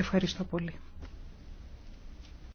Ευχαριστώ πολύ.